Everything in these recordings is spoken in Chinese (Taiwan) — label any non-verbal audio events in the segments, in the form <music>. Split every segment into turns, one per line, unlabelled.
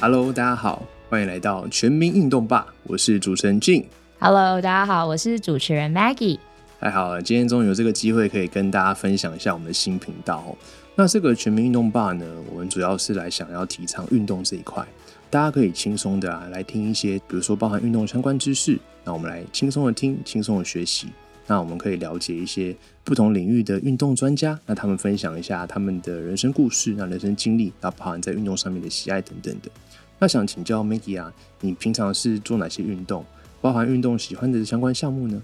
Hello，大家好，歡迎來到全民運動吧，我是主持人 Jin。Hello，大家好，我是主持人 Maggie。還好了，今天終於有這個機會可以跟大家分享一下我們的新頻道。那這個全民運動吧呢，我們主要是來想要提倡運動這一塊，大家可以輕鬆的、啊、來聽一些，比如說包含運動相關知識，那我們來輕鬆地聽，輕鬆地學習。那我們可以了解一些不同領域的運動專家，那他們分享一下他們的人生故事，那人生經歷，然後包含在運動上面的喜愛等等的。那想請教 Maggie 啊，你平常是做哪些運動？包含運動喜歡的相關項目呢？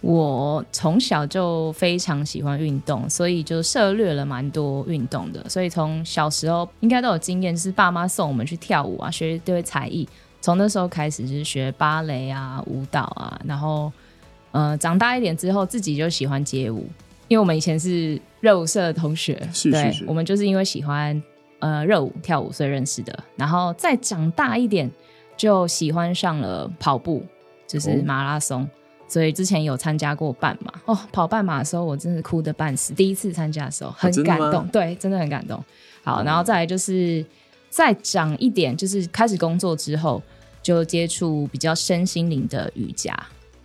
我從小就非常喜歡運動，所以就涉略了蠻多運動的。所以從小時候應該都有經驗，就是爸媽送我們去跳舞啊，學一堆才藝。從那時候開始就是學芭蕾啊、舞蹈啊，然後。呃，長大一點之後，自己就喜歡街舞，因為我們以前是熱舞社的同學是是是，對，我們就是因為喜歡呃熱舞跳舞，所以認識的。然後再長大一點，就喜歡上了跑步，就是馬拉松，哦、所以之前有參加過半馬。哦，跑半馬的時候，我真的哭得半死。第一次參加的時候，很感動、啊，對，真的很感動。好，嗯、然後再來就是再長一點，就是開始工作之後，就接觸比較身心靈的瑜伽。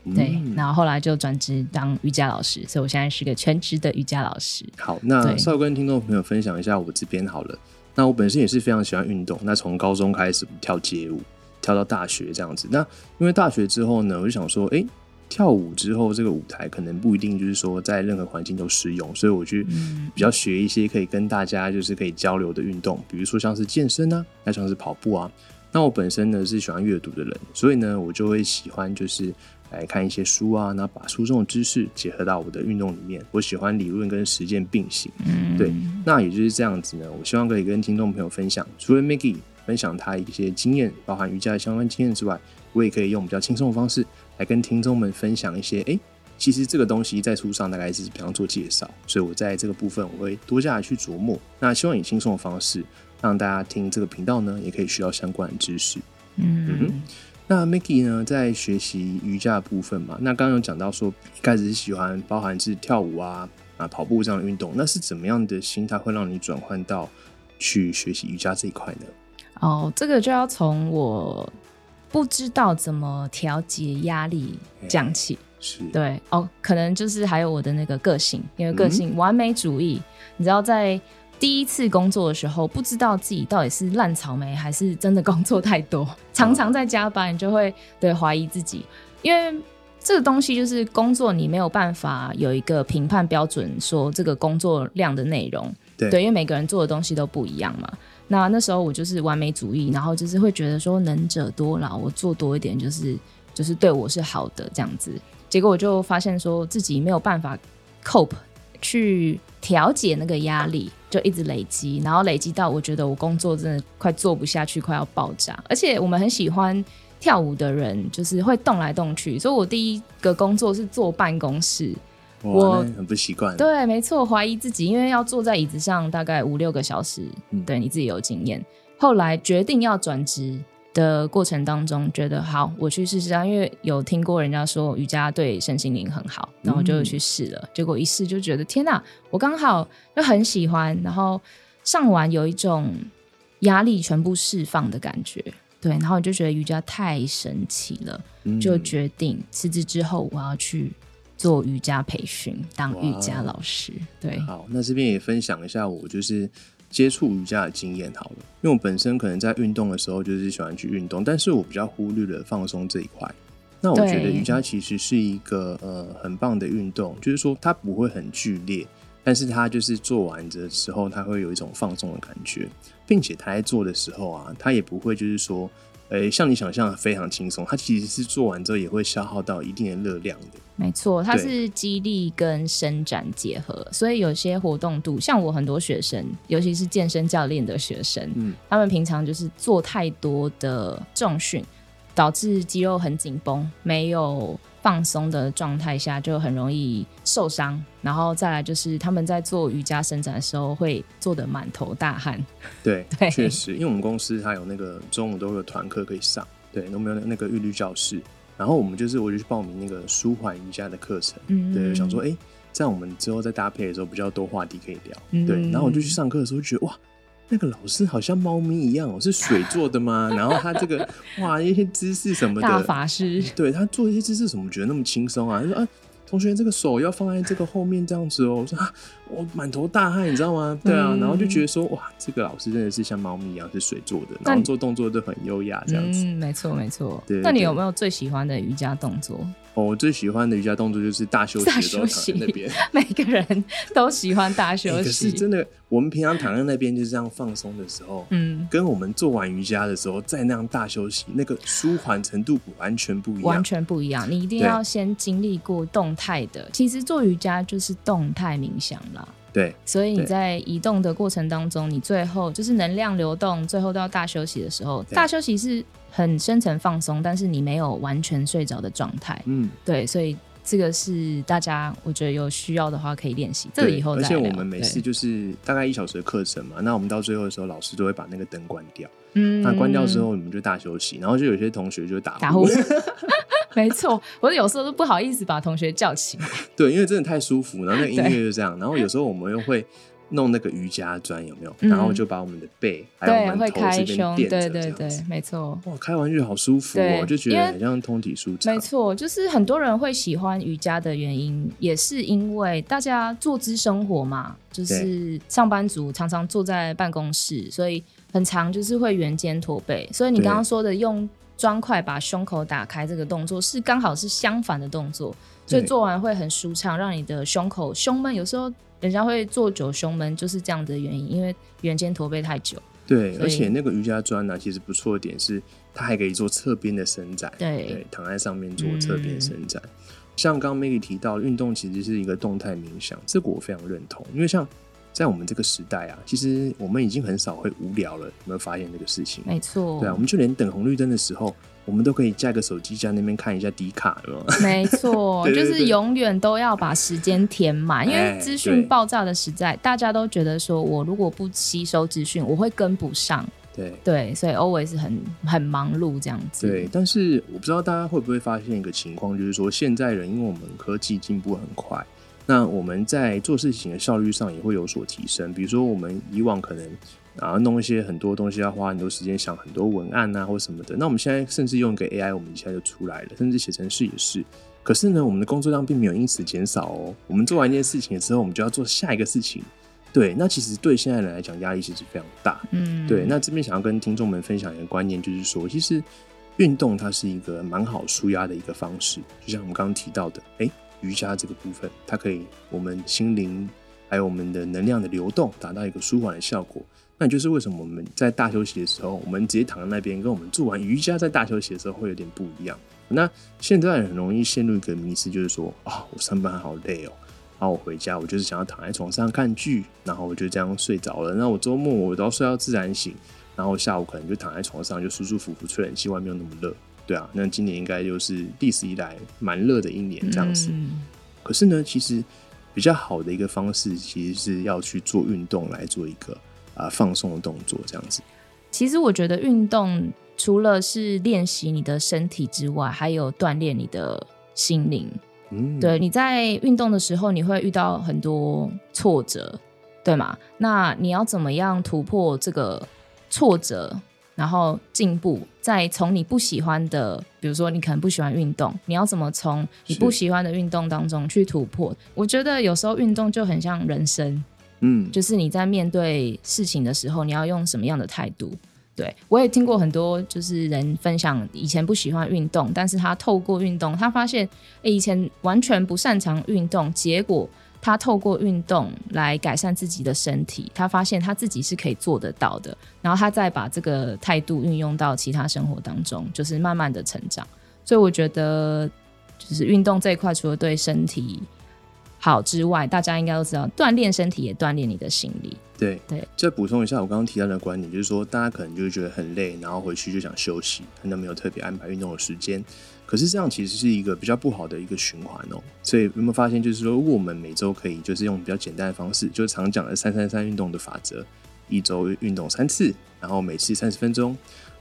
嗯、對，然後後來就轉職當瑜伽老師，所以我現在是個全職的瑜伽老師。
好，那稍微跟聽眾朋友分享一下我這邊好了。那我本身也是非常喜歡運動，那從高中開始跳街舞，跳到大學這樣子。那因為大學之後呢，我就想說，哎，跳舞之後這個舞台可能不一定就是說在任何環境都適用，所以我就比較學一些可以跟大家就是可以交流的運動，嗯、比如說像是健身啊，還是像是跑步啊。那我本身呢是喜歡閱讀的人，所以呢我就會喜歡就是。來看一些書啊，那把書中的知識結合到我的運動裡面。我喜歡理論跟實踐並行，嗯，對。那也就是這樣子呢，我希望可以跟聽眾朋友分享，除了 Maggie 分享他一些經驗，包含瑜伽的相關經驗之外，我也可以用比較輕鬆的方式來跟聽眾們分享一些。哎，其實這個東西在書上大概是比方做介紹，所以我在這個部分我會多加來去琢磨。那希望以輕鬆的方式讓大家聽這個頻道呢，也可以學到相關的知識。嗯。嗯那 Maggie 呢，在學習瑜伽的部分嘛，那剛剛有講到說，一開始是喜歡包含是跳舞啊、啊跑步這樣的運動，那是怎麼樣的心態會讓你轉換到去學習瑜伽這一塊呢？
哦，這個就要從我不知道怎麼調節壓力講起，欸、是對哦，可能就是還有我的那個個性，因為個性完美主義，嗯、你知道在。第一次工作的時候，不知道自己到底是爛草莓還是真的工作太多，常常在加班，你就會對懷疑自己。因為這個東西就是工作，你沒有辦法有一個評判標準，說這個工作量的內容，對。對，因為每個人做的東西都不一樣嘛。那那時候我就是完美主義，然後就是會覺得說能者多勞，我做多一點就是就是對我是好的這樣子。結果我就發現說自己沒有辦法 cope 去調節那個壓力。就一直累積，然後累積到我覺得我工作真的快做不下去，快要爆炸。而且我們很喜歡跳舞的人，就是會動來動去，所以我第一個工作是坐辦公室，
我很
不習慣。對，沒錯，懷疑自己，因為要坐在椅子上大概五六個小時。嗯，對，你自己有經驗，後來決定要轉職。的過程當中，覺得好，我去試試啊！因為有聽過人家說瑜伽對身心靈很好，嗯，然後就去試了。結果一試就覺得天哪，啊，我剛好又很喜歡，然後上完有一種壓力全部釋放的感覺，對，然後我就覺得瑜伽太神奇了，嗯、就決定辭職之後我要去做瑜伽培訓，當瑜伽老師。對，好，
那這邊也分享一下我，我就是。接觸瑜伽的經驗好了，因為我本身可能在運動的時候就是喜歡去運動，但是我比較忽略了放鬆這一塊。那我覺得瑜伽其實是一個呃很棒的運動，就是說它不會很劇烈，但是它就是做完的時候，它會有一種放鬆的感覺，並且他在做的時候啊，他也不會就是說。誒、欸，像你想象，非常輕鬆，它其實是做完之後也會消耗到一定的熱量的。
沒錯，它是肌力跟伸，跟伸展結合，所以有些活動度，像我很多學生，尤其是健身教練的學生，嗯，他們平常就是做太多的重訓，導致肌肉很緊繃，沒有。放鬆的狀態下就很容易受傷，然後再來就是他們在做瑜伽伸展的時候會做的滿頭大汗
對。對，確實，因為我們公司它有那個中午都有個團課可以上，對，有沒有那個韻律教室？然後我們就是我就去報名那個舒緩瑜伽的課程，對，嗯、想說哎，在我們之後再搭配的時候比較多話題可以聊，對。嗯、然後我就去上課的時候覺得哇，那個老師好像貓咪一樣，喔，是水做的嗎？然後他這個， <laughs> 哇，一些姿勢什麼的，大法師，對他做一些姿勢，怎麼覺得那麼輕鬆啊？他說、啊：“同學，這個手要放在這個後面這樣子哦、喔。”我說。啊我、哦、滿頭大汗，你知
道嗎？對啊、嗯，然後就
覺得說，哇，這個老師真的是像貓咪一樣是水做的，然後做動作都很優雅這樣子。
嗯，沒錯，沒錯。對，那你有沒有最喜歡的瑜伽動作？哦，
我、oh, 最喜歡的瑜伽動作就是大休息的時候，那邊，
<laughs> 每個人都喜歡大休息。 <laughs> 可是真
的，我們平常躺在那邊就是這樣放鬆的時候，嗯，跟我們做完瑜伽的時候再那樣大休息，那個舒緩程度完全不一樣。完全
不一樣。你一定要先經歷過動態的，其實做瑜伽就是動態冥想了。
對，所以你在
移動的過程當中，你最後就是能量流動，最後到大休息的時候，大休息是很深層放鬆，但是你沒有完全睡着的狀態。嗯，對，所以這個是大家，我覺得有需要的話可以練習，這個以後。而且我們每次
就是大概一小時的課程嘛，那我們到最後的時候，老師就會把那個燈關掉。嗯，那關掉之後，你們就大休息，然後就有些同學就打呼，打呼。 <laughs>
<laughs> 沒錯，我有時候都不好意思把同學叫起來。
<laughs> 對，因為真的太舒服，然後那音樂就這樣，然後有時候我們又會弄那個瑜伽磚，有沒有、嗯？然後就把我們的背，對，還有我們頭這邊墊著這樣子，會開胸，
對對對，沒錯。哇，
開完瑜好舒服哦，就覺得很像通體舒展。
沒錯，就是很多人會喜歡瑜伽的原因，也是因為大家坐姿生活嘛，就是上班族常常坐在辦公室，所以很常就是會圓肩駝背。所以你剛剛說的用。磚塊把胸口打開，這個動作是剛好是相反的動作，所以做完會很舒暢，讓你的胸口胸悶。有時候人家會坐久胸悶，就是這樣的原因，因為圓肩駝背太久。
對，而且那個瑜伽磚呢、啊，其實不錯的點是，它還可以做側邊的伸展對。對，躺在上面做側邊伸展。嗯、像剛剛 Maggie 提到，運動其實是一個動態冥想，這個我非常認同，因為像。在我們這個時代啊，其實我們已經很少會無聊了。有沒有發現這個事情？沒
錯，對啊，我們
就連等紅綠燈的時候，我們都可以架個手機在那邊看一下 D 卡。有沒有？
沒錯， <laughs> 就是永遠都要把時間填滿，因為資訊爆炸的時代，欸，大家都覺得說，我如果不吸收資訊，我會跟不上。對對，所以 always 很很忙碌這樣
子。對，但是我不知道大家會不會發現一個情況，就是說，現在人因為我們科技進步很快。那我們在做事情的效率上也會有所提升，比如說我們以往可能啊弄一些很多東西要花很多時間想很多文案啊或什麼的，那我們現在甚至用一個 AI，我們一下就出來了，甚至寫程式，也是。可是呢，我們的工作量並沒有因此減少哦。我們做完一件事情之後，我們就要做下一個事情。對，那其實對現在人來講，壓力其實非常大。嗯，對。那這邊想要跟聽眾們分享一個觀念，就是說，其實運動它是一個蠻好舒壓的一個方式，就像我們剛剛提到的，哎、欸。瑜伽這個部分，它可以我們心靈還有我們的能量的流動，達到一個舒緩的效果。那也就是為什麼我們在大休息的時候，我們直接躺在那邊，跟我們做完瑜伽在大休息的時候會有點不一樣。那現在很容易陷入一個迷思，就是說啊、哦，我上班好累哦，然後我回家我就是想要躺在床上看劇，然後我就這樣睡着了。那我周末我都要睡到自然醒，然後下午可能就躺在床上就舒舒服服吹冷氣，外面又那麼熱。對啊，那今年應該又是歷史以來蠻熱的一年，這樣子、嗯。可是呢，其實比較好的一個方式，其實是要去做運動來做一個啊、呃、放鬆的動作，這
樣子。其實我覺得運動除了是練習你的身體之外，還有鍛鍊你的心靈、嗯。對，你在運動的時候，你會遇到很多挫折，對嗎？那你要怎麼樣突破這個挫折？然後進步，再從你不喜歡的，比如說你可能不喜歡運動，你要怎麼從你不喜歡的運動當中去突破？我覺得有時候運動就很像人生，嗯，就是你在面對事情的時候，你要用什麼樣的態度？對，我也聽過很多，就是人分享以前不喜歡運動，但是他透過運動，他發現，欸，以前完全不擅長運動，結果。他透過運動來改善自己的身體，他發現他自己是可以做得到的，然後他再把這個態度運用到其他生活當中，就是慢慢的成長。所以我覺得，就是運動這一塊，除了對身體好之外，大家應該都知道，鍛鍊身體也鍛鍊你的心理。
對，對，再補充一下我剛剛提到的觀點，就是說大家可能就是覺得很累，然後回去就想休息，可能沒有特別安排運動的時間，可是這樣其實是一個比較不好的一個循環哦。所以有沒有發現，就是說如果我們每周可以就是用比較簡單的方式，就常講的三三三運動的法則，一周運動三次，然後每次三十分鐘，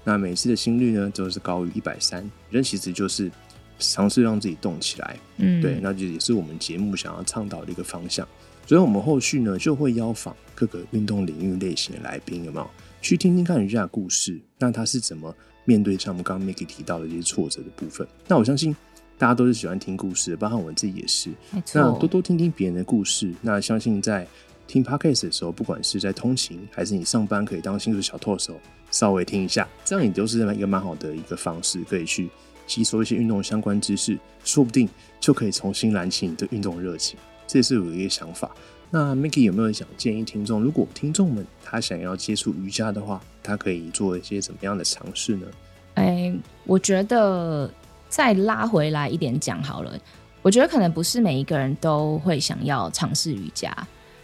那每次的心率呢就是高於一百三，人其實就是嘗試讓自己動起來，嗯，對，那就也是我們節目想要倡導的一個方向。所以，我們後續呢就會邀訪各個運動領域類型的來賓，有沒有？去聽聽看人家的故事，那他是怎麼面對像我們剛剛 Maggie 提到的一些挫折的部分？那我相信大家都是喜歡聽故事，包括我們自己也是。沒錯。那多多聽聽別人的故事，那相信在聽 Podcast 的時候，不管是在通勤還是你上班可以當心事小兔的時候，稍微聽一下，這樣也都是一個蠻好的一個方式，可以去吸收一些運動相關知識，說不定就可以重新燃起你的運動熱情。這是我的一個想法。那 Maggie 有沒有想建議聽眾，如果聽眾們他想要接觸瑜伽的話，他可以做一些怎麼樣的嘗試呢？
哎、欸，我覺得再拉回來一點講好了。我覺得可能不是每一個人都會想要嘗試瑜伽，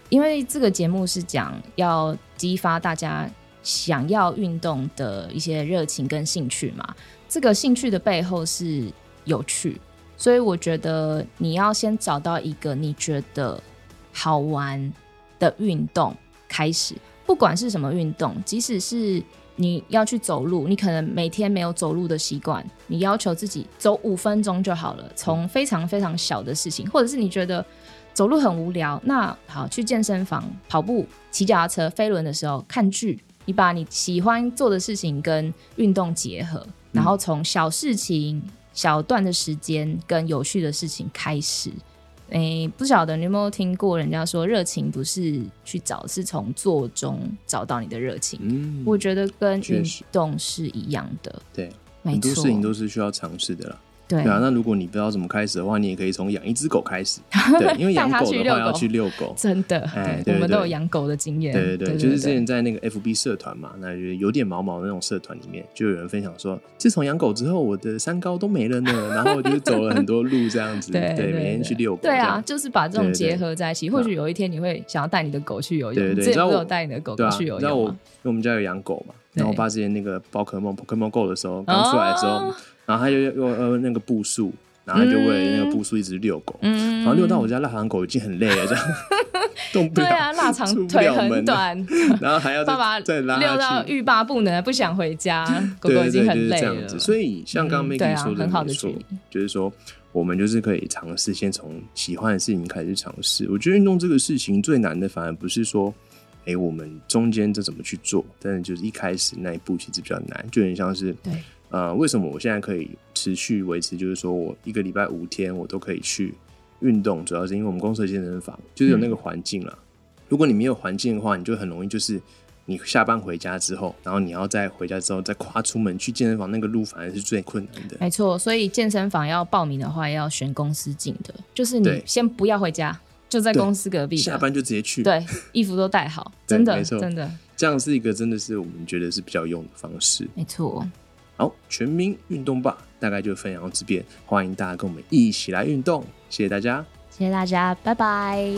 因為這個節目是講要激發大家想要運動的一些熱情跟興趣嘛。這個興趣的背後是有趣。所以我覺得你要先找到一個你覺得好玩的運動開始，不管是什麽運動，即使是你要去走路，你可能每天沒有走路的習慣，你要求自己走五分鐘就好了，從非常非常小的事情，或者是你覺得走路很無聊，那好，去健身房跑步、騎腳踏車、飛輪的時候看劇，你把你喜歡做的事情跟運動結合，然後從小事情。嗯小段的時間跟有趣的事情開始，誒，欸，不曉得你有沒有聽過人家說，熱情不是去找，是從做中找到你的熱情。嗯，我覺得跟運動是一樣的，
對，沒錯，很多事情都是需要嘗試的啦。對，對啊，那如果你不知道怎麼開始的話，你也可以從養一隻狗開始。對，因為養狗的話要去遛狗， <laughs> 狗，狗，真的，哎、嗯，我們都有養
狗的經驗。對對，對，對，對，對，就是之前
在那個 FB 社團嘛，那就有點毛毛的那種社團裡面，就有人分享說，自從養狗之後，我的三高都沒了呢。 <laughs> 然後就就走了很多路，這樣子， <laughs> 對，每天去遛狗。對啊，
就是把這種結合在一起。對對對，或許有一天你會想要帶你的狗去游泳，對對，對，然後我帶你，你，你的狗去游泳嘛。因
為我們家有養狗嘛。然後我爸之前那個寶可夢，Pokémon Go 的時候剛出來的時候，哦、然後他就用呃那個步數，然後他就為了那個步數一直遛狗，嗯，然後遛到我家臘腸、嗯、狗已經很累了， <laughs> 這
樣。對啊，臘腸腿很短
了了，然後還要再爸爸再遛到
欲罷不能，不想回家。狗狗已經很累了。對對對，就是、所以像剛剛 Maggie 說的、嗯，說啊，很好的
建議，就是說我們就是可以嘗試先從喜歡的事情開始嘗試。我覺得運動這個事情最難的，反而不是說。哎、欸，我們中間這怎麼去做？但是就是一開始那一步其實比較難，就很像是對呃，為什麼我現在可以持續維持？就是說我一個禮拜五天我都可以去運動，主要是因為我們公司的健身房就是有那個環境了、嗯。如果你沒有環境的話，你就很容易就是你下班回家之後，然後你要再回家之後再跨出門去健身房那個路反而是最困難的。
沒錯，所以健身房要報名的話要選公司進的，就是你先不要回家。就在公司隔壁，下班
就直接去。對，
衣服都帶好， <laughs> 真的，真的，
這樣是一個真的是我們覺得是比較用的方式。沒錯，好，全民運動吧，大概就分享到這邊，歡迎大家跟我們一起來運動，謝謝大家，
謝謝大家，拜拜。